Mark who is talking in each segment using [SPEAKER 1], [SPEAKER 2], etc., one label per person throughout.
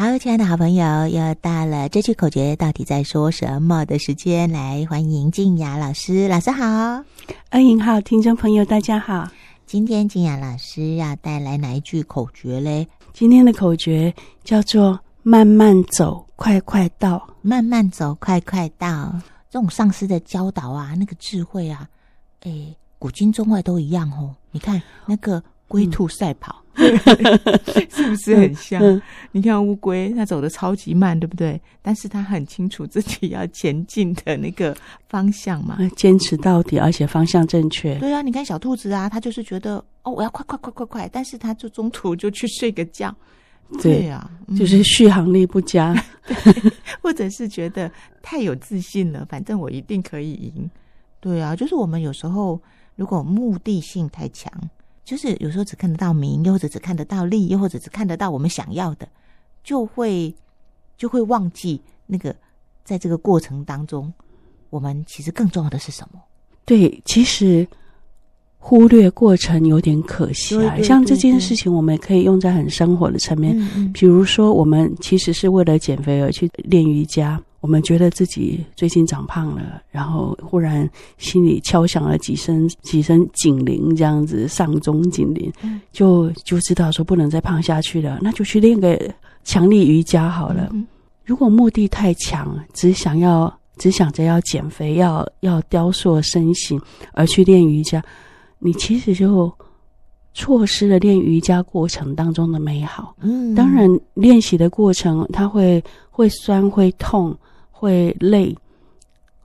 [SPEAKER 1] 好，親愛的好朋友，又到了這句口訣到底在說什麼的時間，來歡迎靖雅老師。老師好，歡迎好聽眾朋友，大家好。今天靖雅老師要帶來哪一句口訣嘞？今天的口訣叫做“慢慢走，快快到”。慢慢走，快快到。嗯、這種上師的教導啊，那個智慧啊，誒，古今中外都一樣哦。你看那個。龜兔賽跑、嗯、 是不是很像？嗯、你看烏龜，它走得超級慢，對不對？但是它很清楚自己要前進的那個方向嘛、
[SPEAKER 2] 呃，堅持到底，而且方向正確。對
[SPEAKER 1] 啊，你看小兔子啊，它就是覺得哦，我要快快快快快，但是它就中途就去睡個覺。對啊，
[SPEAKER 2] 嗯、就是續航力不佳 對，
[SPEAKER 1] 或者是覺得太有自信了，反正我一定可以贏。對啊，就是我們有時候如果目的性太強。就是有時候只看得到名，又或者只看得到利，又或者只看得到我們想要的，就會就會忘記那個在這個過程當中，
[SPEAKER 2] 我們其實更重要的是什麼？對，其實忽略過程有點可惜啊。對對對，像這件事情，我們也可以用在很生活的層面，嗯嗯，比如說我們其實是為了減肥而去練瑜伽。我們覺得自己最近長胖了，然後忽然心裡敲響了幾聲幾聲警鈴，這樣子上鐘警鈴，就就知道說不能再胖下去了，那就去練個強力瑜伽好了。嗯、如果目的太強，只想要只想着要減肥、要要雕塑身形而去練瑜伽，你其實就錯失了練瑜伽過程當中的美好。嗯、當然，練習的過程它會會酸會痛。會累，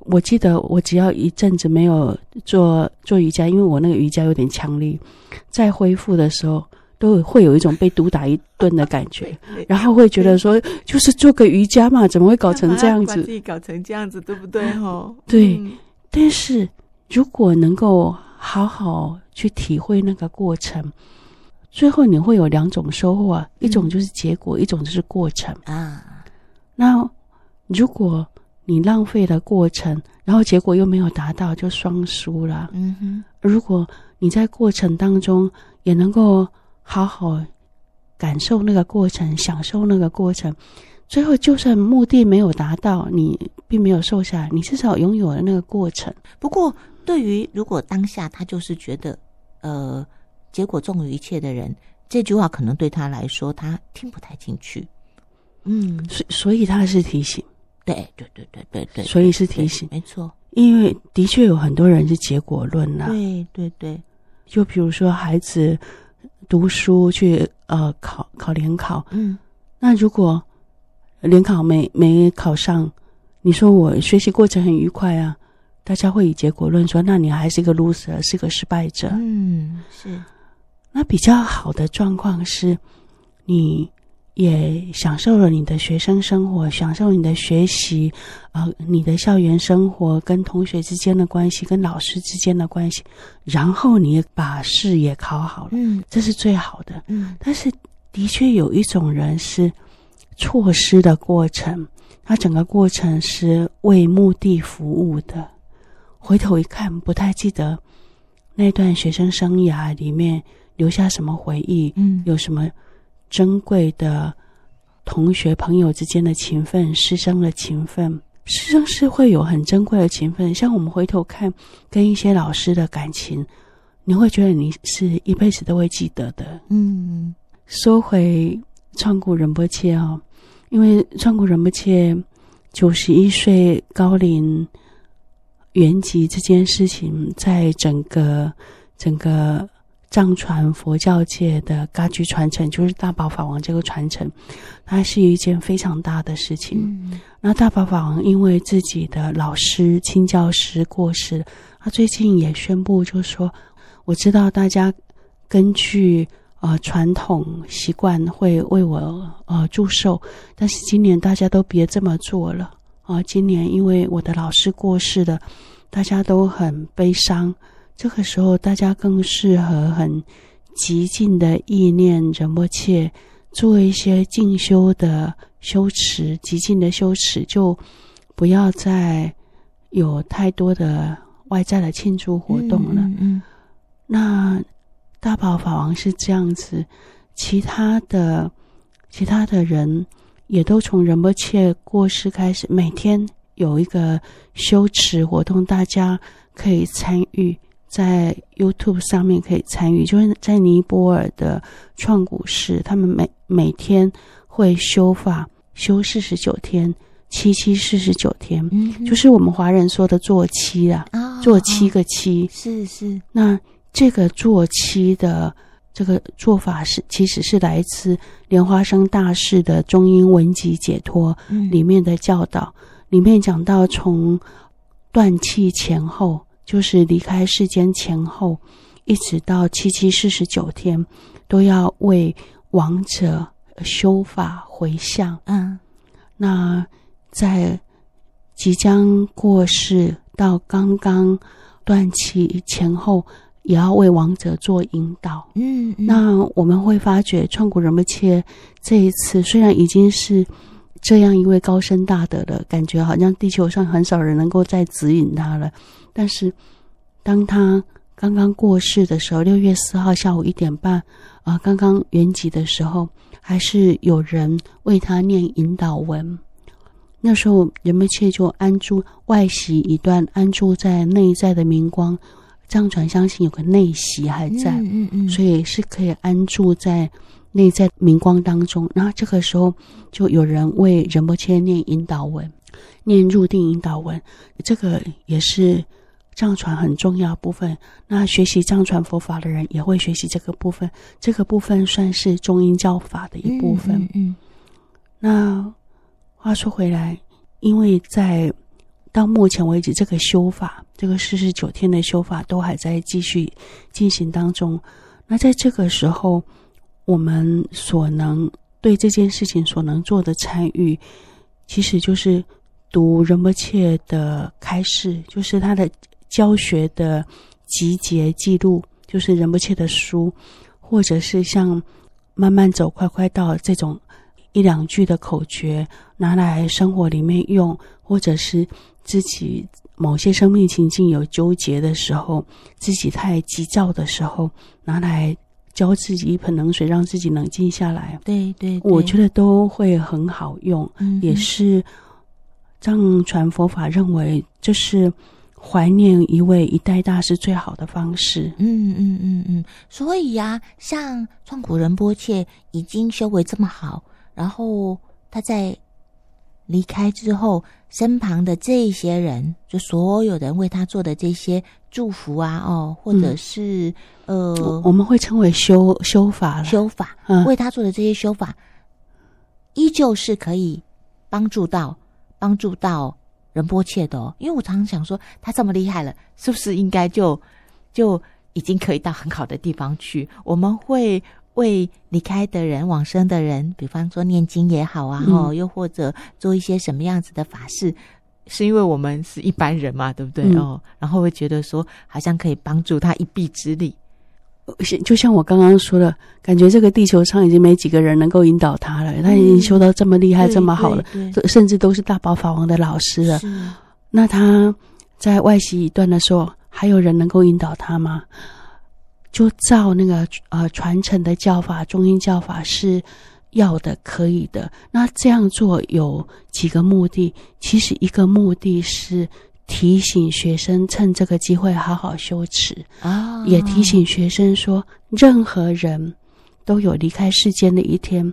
[SPEAKER 2] 我記得我只要一陣子沒有做做瑜伽，因為我那個瑜伽有點強力，在恢復的時候都會有一種被毒打一頓的感覺， 然後會覺得說，就是做個瑜伽嘛，怎麼會搞成這樣子？自
[SPEAKER 1] 己 搞成這樣子，對不對，哦？
[SPEAKER 2] 哈，對。嗯、但是如果能夠好好去體會那個過程，最後你會有兩種收穫，一種就是結果，嗯、一種就是結果，一種就是過程啊。那。如果你浪費了過程，然後結果又沒有達到，就雙輸了。嗯哼，如果你在過程當中也能夠好好感受那個過程，享受那個過程，最後就算目的沒有達到，你並沒有瘦下來，你至少擁有了那個過程。不過，
[SPEAKER 1] 對於如果當下他就是覺得，呃，結果重於一切的人，這句話可能對他來說他聽不太進去。
[SPEAKER 2] 嗯，所所以他是提醒。對對，對對對對對對，所以是提醒，沒錯，因為的確有很多人是結果論吶，啊，嗯。對對對，就比如說孩子讀書去呃考考聯考，考考嗯，那如果聯考沒沒考上，你說我學習過程很愉快啊，大家會以結果論說，那你還是一個 loser，是個失敗者。嗯，是。那比較好的狀況是，你，也享受了你的學生生活，享受你的學習，呃，你的校園生活跟同學之間的關係，跟老師之間的關係，然後你也把試也考好了，嗯，這是最好的，嗯。但是，的確有一種人是錯失的過程，他整個過程是為目的服務的，回頭一看，不太記得那段學生生涯裡面留下什麼回憶，嗯，有什麼。珍貴的同學、朋友之間的情分，師生的情分，師生是會有很珍貴的情分。像我們回頭看跟一些老師的感情，你會覺得你是一輩子都會記得的。嗯，嗯，說回創古仁波切哦，因為創古仁波切九十一歲高齡圓寂這件事情，在整個整個。上傳佛教界的噶舉傳承，就是大寶法王這個傳承，它是一件非常大的事情。嗯、那大寶法王因為自己的老師親教師過世，他最近也宣布就是，就說我知道大家根據呃傳統習慣會為我呃祝壽，但是今年大家都別這麼做了啊、呃！今年因為我的老師過世的，大家都很悲傷。這個時候，大家更適合很極盡的意念仁波切做一些靜修的修持，極盡的修持，就不要再有太多的外在的慶祝活動了。嗯，嗯，嗯。那大寶法王是這樣子，其他的其他的人也都從仁波切過世開始，每天有一個修持活動，大家可以參與。在 YouTube 上面可以參與，就是在尼泊爾的創古寺，他們每每天會修法，修四十九天，七七四十九天，嗯、哼就是我們華人說的做七啊，做、哦哦、七個七，是是。那這個做七的這個做法是，其實是來自蓮花生大士的中英文集解脫裡面的教導，嗯、裡面講到從斷氣前後。就是離開世間前後，一直到七七四十九天，都要為亡者修法回向。嗯，那在即將過世到剛剛斷氣前後，也要為亡者做引導。嗯，嗯那我們會發覺，創古仁波切這一次雖然已經是這樣一位高僧大德了，感覺好像地球上很少人能夠再指引他了。但是，當他剛剛過世的時候，六月四號下午一點半，啊、呃，剛剛圓寂的時候，還是有人為他念引導文。那時候，仁波切就安住外息一段，安住在內在的明光，藏傳相信有個內息還在，嗯嗯嗯、所以是可以安住在內在明光當中。然後這個時候，就有人為仁波切念引導文，念入定引導文，這個也是。藏傳很重要部分，那學習藏傳佛法的人也會學習這個部分。這個部分算是中陰教法的一部分。嗯，嗯，嗯，那話說回來，因為在到目前為止，這個修法，這個四十九天的修法都還在繼續進行當中。那在這個時候，我們所能對這件事情所能做的參與，其實就是讀仁波切的開示，就是他的。教學的集結記錄，就是仁波切的書，或者是像“慢慢走，快快到”這種一兩句的口訣，拿來生活裡面用，或者是自己某些生命情境有糾結的時候，自己太急躁的時候，拿來澆自己一盆冷水，讓自己冷靜下來。對對，對對我覺得都會很好用，嗯、哼也是藏傳佛法認為就是。懷念一位一代大師最好的方式，嗯嗯嗯嗯，所以呀、啊，像創古仁波切已經修為這麼好，然後
[SPEAKER 1] 他在離開之後，身旁的這一些人，就所有人為他做的這些祝福啊，哦，或者是、嗯、呃我，我們會稱為修修法了，修法，嗯、為他做的這些修法，依舊是可以幫助到幫助到。仁波切的，哦，因為我常常想說，他這麼厲害了，是不是應該就就已經可以到很好的地方去？我們會為離開的人、往生的人，比方說念經也好啊，然、嗯、又或者做一些什麼樣子的法事，是因為我們是一般人嘛，對不對？嗯、哦，然後會覺得說，好像可以幫助他一臂之力。
[SPEAKER 2] 就像我剛剛說的，感覺這個地球上已經沒幾個人能夠引導他了。嗯、他已經修到這麼厲害、對這麼好了，甚至都是大寶法王的老師了。是那他在外系一段的時候，還有人能夠引導他嗎？就照那個呃傳承的教法，中陰教法是要的，可以的。那這樣做有幾個目的？其實一個目的是，提醒學生趁這個機會好好修持啊！Oh. 也提醒學生說，任何人都有離開世間的一天。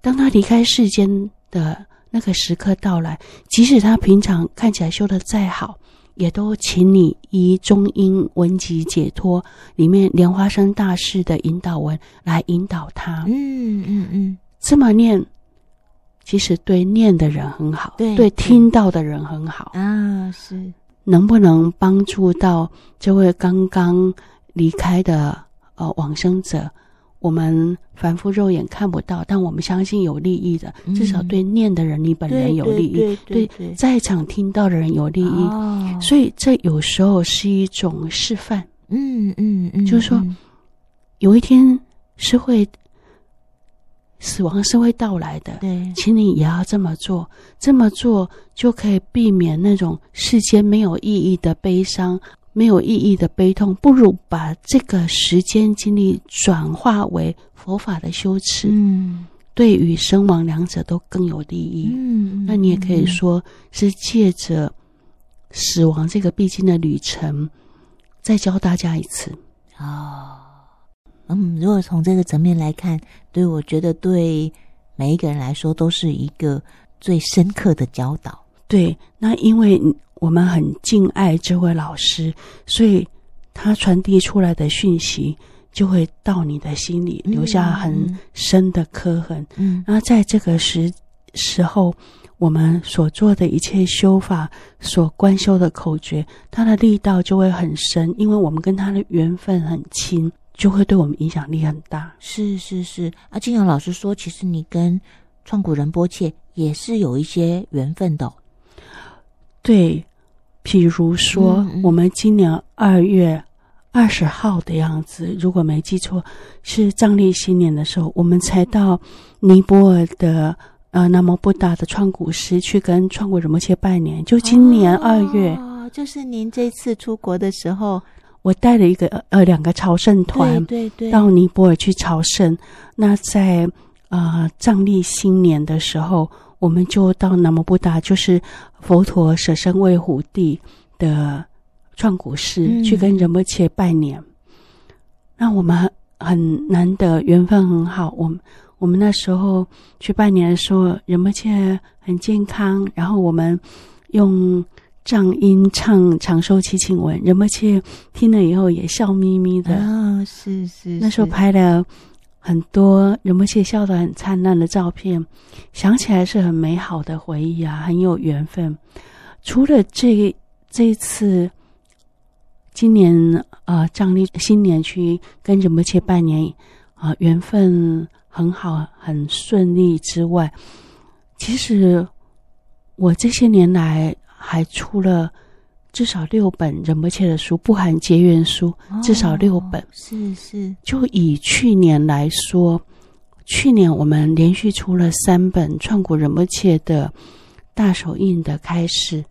[SPEAKER 2] 當他離開世間的那個時刻到來，即使他平常看起來修得再好，也都請你依中英文集解脫裡面蓮花生大士的引導文來引導他。嗯嗯嗯，hmm. 這麼念。其實對念的人很好，對、對、對聽到的人很好啊。是能不能幫助到這位剛剛離開的、嗯、呃往生者？我們凡夫肉眼看不到，但我們相信有利益的，嗯、至少對念的人你本人有利益，對、對、對、對、對在場聽到的人有利益。哦、所以這有時候是一種示範。嗯嗯嗯，嗯嗯嗯就是說有一天是會。死亡是會到來的，對請你也要這麼做，這麼做就可以避免那種世間沒有意義的悲傷、沒有意義的悲痛。不如把這個時間精力轉化為佛法的修持，嗯，對於生亡兩者都更有利益。嗯，那你也可以說是借着死亡這個必經的旅程，再教大家一次。哦。
[SPEAKER 1] 嗯，如果從這個層面來看，對我覺得對每一個人來說都
[SPEAKER 2] 是一個最深刻的教導。對，那因為我們很敬愛這位老師，所以他傳遞出來的訊息就會到你的心裡留下很深的刻痕。嗯，嗯嗯，那在這個時時候，我們所做的一切修法、所觀修的口訣，它的力道就會很深，因為我們跟他的緣分很親。就會對我們影響力很大。是是是，啊，靖雅老師說，其實你跟創古仁波切也是有一些緣分的,哦。對，比如說、嗯、我們今年二月二十號的樣子，嗯、如果沒記錯，是藏曆新年的時候，我們才到尼泊爾的、嗯、呃南摩布達的創古寺去跟創古仁波切拜年。就今年二月、哦，
[SPEAKER 1] 就是您這次出國的時候。
[SPEAKER 2] 我帶了一個呃兩個朝聖團到尼泊爾去朝聖，對對對。那在呃藏曆新年的時候，我們就到南摩布達，就是佛陀舍身餵虎地的創古寺、嗯、去跟仁波切拜年。那我們很難得緣分很好，我們我們那時候去拜年的時候，仁波切很健康，然後我們用藏音唱長壽祈請文，仁波切聽了以後也笑眯眯的。啊、哦，是是，是。那時候拍的很多。仁波切笑得很燦爛的照片，想起來是很美好的回憶啊，很有緣分。除了這這一次今年呃，藏曆新年去跟仁波切拜年，啊、呃，緣分很好，很順利之外，其實我這些年來。還出了至少六本仁波切的書，不含結緣書，至少六本。是、哦、是，是就以去年來說，去年我們連續出了三本創古仁波切的大手印的開示。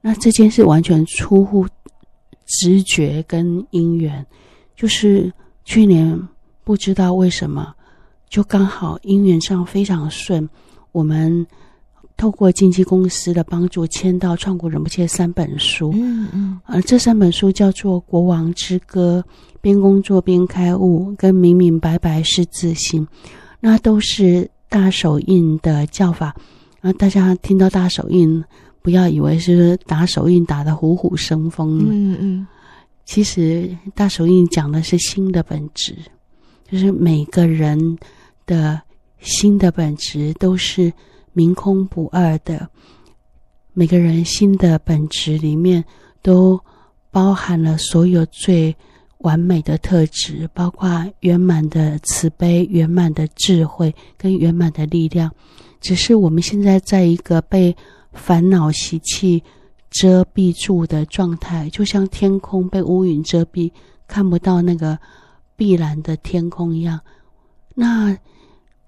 [SPEAKER 2] 那這件事完全出乎直覺跟因緣，就是去年不知道為什麼，就剛好因緣上非常順，我們。透過經紀公司的幫助簽到《創古仁波切》三本書，嗯嗯，呃，這三本書叫做《國王之歌》《邊工作邊開悟》跟《明明白白見自性》。那都是大手印的叫法啊。大家聽到大手印，不要以為是打手印打得虎虎生風，嗯嗯，其實大手印講的是心的本質，就是每個人的心的本質都是。明空不二的，每個人心的本質裡面，都包含了所有最完美的特質，包括圓滿的慈悲、圓滿的智慧跟圓滿的力量。只是我們現在在一個被煩惱習氣遮蔽住的狀態，就像天空被烏雲遮蔽，看不到那個碧藍的天空一樣。那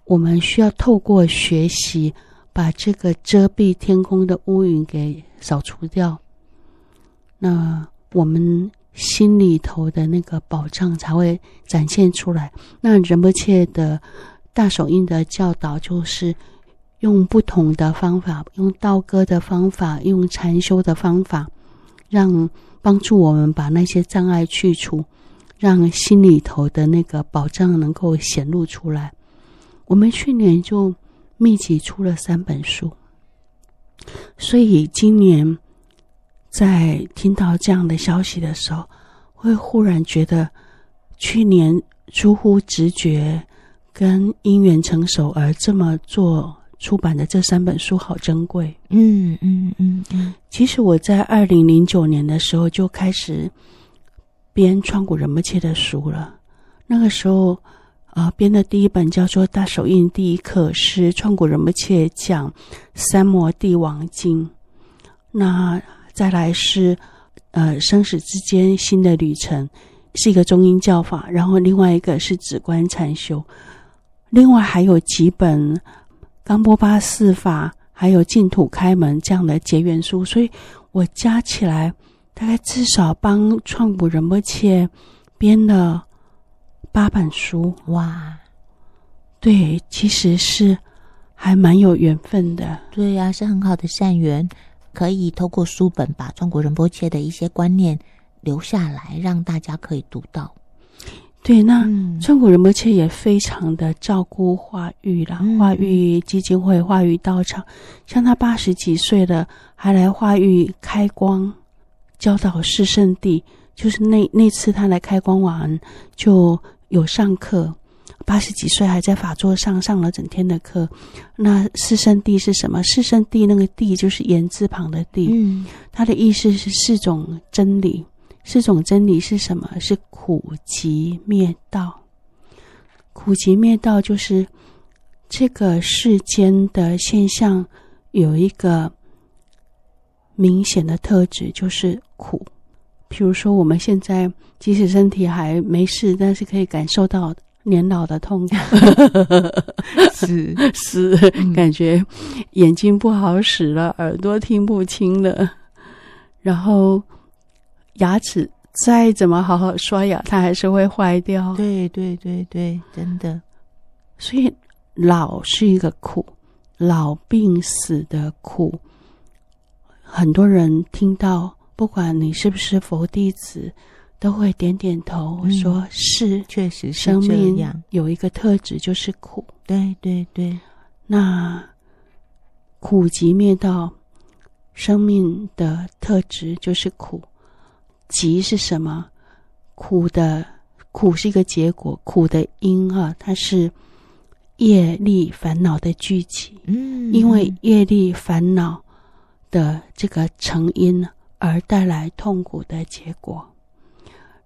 [SPEAKER 2] 我們需要透過學習。把這個遮蔽天空的烏雲給掃除掉，那我們心裡頭的那個寶藏才會展現出來。那仁波切的大手印的教導就是用不同的方法，用道歌的方法，用禪修的方法，讓幫助我們把那些障礙去除，讓心裡頭的那個寶藏能夠顯露出來。我們去年就。密集出了三本書，所以今年在聽到這樣的消息的時候，會忽然覺得去年出乎直覺跟因緣成熟而這麼做出版的這三本書好珍貴。嗯嗯嗯嗯，嗯嗯嗯，其實我在二零零九年的時候就開始編《創古仁波切》的書了，那個時候。啊、呃，編的第一本叫做《大手印第一課》，是創古仁波切講《三摩地王經》。那再來是呃生死之間新的旅程，是一個中英教法。然後另外一個是止觀禪修，另外還有幾本《岡波巴四法》，還有《淨土開門》這樣的結緣書。所以我加起來大概至少幫創古仁波切編了。八本書哇，對，其實是還
[SPEAKER 1] 蠻有緣分的。對呀、啊,是很好的善緣，可以透過書本把創古仁
[SPEAKER 2] 波切的一些觀念留下來，讓大家可以讀到。對，那、嗯、創古仁波切也非常的照顧化育啦，化育基金會、化育道場，像他八十幾歲了還來化育開光，教導四聖地，就是那那次他來開光完就。有上課，八十幾歲還在法座上上了整天的課。那四聖諦是什麼？四聖諦那個“諦”就是言字旁的諦”。嗯，它的意思是四種真理。四種真理是什麼？是苦集滅道。苦集滅道就是這個世間的現象有一個明顯的特質，就是苦。比如說，我們現在即使身體還沒事，但是可以感受到年老的痛苦，只 是， 是嗯、感覺眼睛不好使了，耳朵聽不清了， 然後牙齒再怎麼好好刷牙，它還是會壞掉。對對對對，真的。所以老是一個苦，老病死的苦，很多人聽到，不管你是不是佛弟子，都會點點頭說，說、嗯、是，確實，生命有一個特質就是苦。對對對，那苦集滅道，生命的特質就是苦。集是什麼？苦的苦是一個結果，苦的因啊，它是業力煩惱的聚集。嗯，因為業力煩惱的這個成因呢、啊。而帶來痛苦的結果。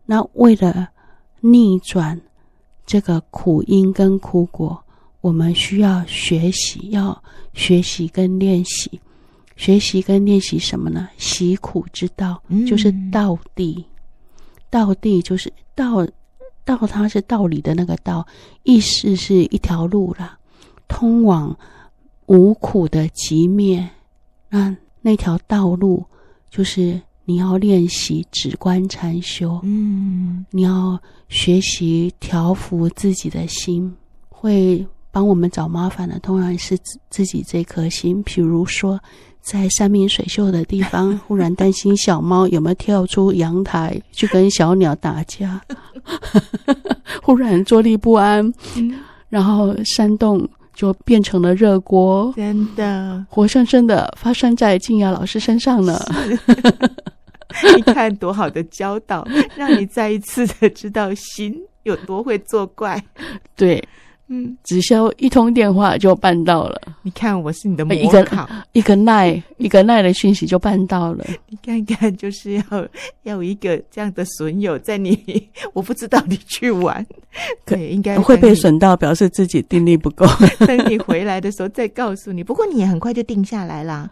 [SPEAKER 2] 那為了逆轉這個苦因跟苦果，我們需要學習，要學習跟練習，學習跟練習什麼呢？習苦之道，嗯、就是道諦。道諦就是道，道它是道理的那個道，意思是一條路啦，通往無苦的寂滅。那那條道路。就是你要練習止觀禪修，嗯，你要學習調伏自己的心，會幫我們找麻煩的，當然是自自己這顆心。比如說，在山明水秀的地方，忽然擔心小貓有沒有跳出陽台去跟小鳥打架， 忽然坐立不安，嗯、然後煽動。就變成了熱鍋，真的，活生生的發生在靖雅老師身上呢。
[SPEAKER 1] 你是 看多好的教導， 讓你再一次的知道心有多會作怪。
[SPEAKER 2] 對。嗯，只需要一通電話就辦到了。你看，我是你
[SPEAKER 1] 的魔考。一個，
[SPEAKER 2] 一個賴，一個賴 的訊息就辦到了。你
[SPEAKER 1] 看看，就是要要有一個這樣的損友在你，我不知道你去玩，對，應該會被
[SPEAKER 2] 損到，表示自己定力不夠。 等
[SPEAKER 1] 你回來的時候再告訴你。不過你也很快就定下來啦。